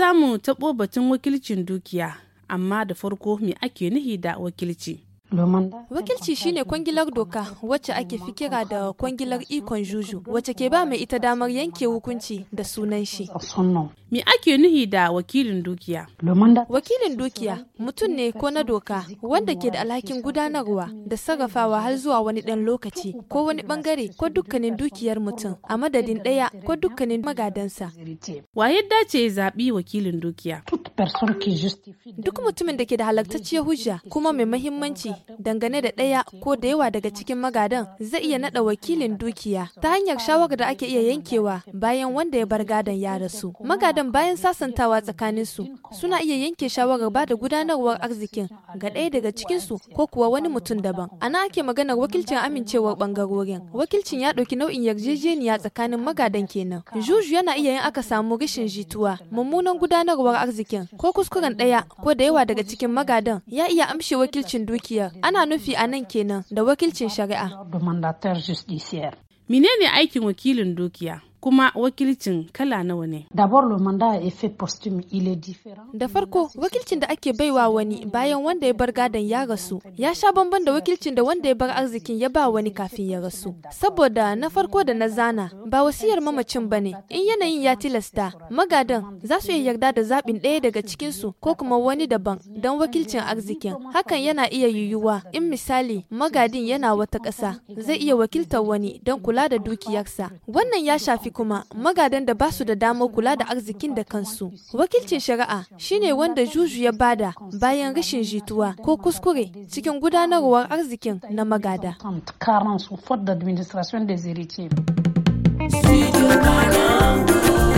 za mu taɓo batun wakilcin dukiya, amma da farko me ake nihi da wakilci. Wakilci shine kwangilar doka wacce ake fi kira da kwangilar ikon juju wacce ke ba mai ita damar yanke hukunci da sunan shi. Me ake nuhi da wakilin dukiya? Wakilin dukiya mutum ne ko na doka wanda ke da alhakin gudanarwa da sarrafawa har zuwa wani dan lokaci ko wani bangare ko dukkanin dukiyar mutum a madadin ɗaya ko dukkanin magadansa. Wa ya dace zaɓi wakilin dukiya? Duk mutumin da ke da halartacciyar hujja kuma mai mahimmanci dangane da ɗaya ko da yawa daga cikin magadan zai iya naɗa wakilin dukiya ta hanyar shawarar da ake iya yankewa bayan wanda ya bar gadon ya rasu. Magadan bayan sasantawa tsakanin su suna iya yanke shawarar ba da gudanarwar arzikin ga ɗaya daga cikin su ko kuwa wani mutum daban. A nan ake maganar wakilcin amincewar bangarorin Wakilcin ya ɗauki nau'in yarjejeniya tsakanin magadan kenan. Juju yana iya yin aka samu rashin jituwa, mummunan gudanarwar arzikin ko kuskuren ɗaya ko da yawa daga cikin magadan ya iya amshe wakilcin dukiyar ana nufi a nan kenan da wakilcin shari'a. Menene aikin wakilin dukiya? kuma wakilcin kala nawa ne. Da farko wakilcin da ake baiwa wani bayan wanda ya bar gadon ya rasu ya sha bamban da wakilcin da wanda ya bar arzikin ya ba wani kafin ya rasu. Saboda na farko da na zana ba wasiyar mamacin ba ne in yanayin ya tilasta magadan za su iya yarda da zaɓin ɗaya daga cikinsu ko kuma wani daban don wakilcin arzikin hakan yana iya yiwuwa in misali magadin yana wata ƙasa zai iya wakiltar wani don kula da dukiyarsa wannan ya shafi kuma magadan da basu da damar kula da arzikin da kansu. Wakilcin shari'a shine wanda juju ya bada bayan rashin jituwa ko kuskure cikin gudanarwar arzikin na magada. Studio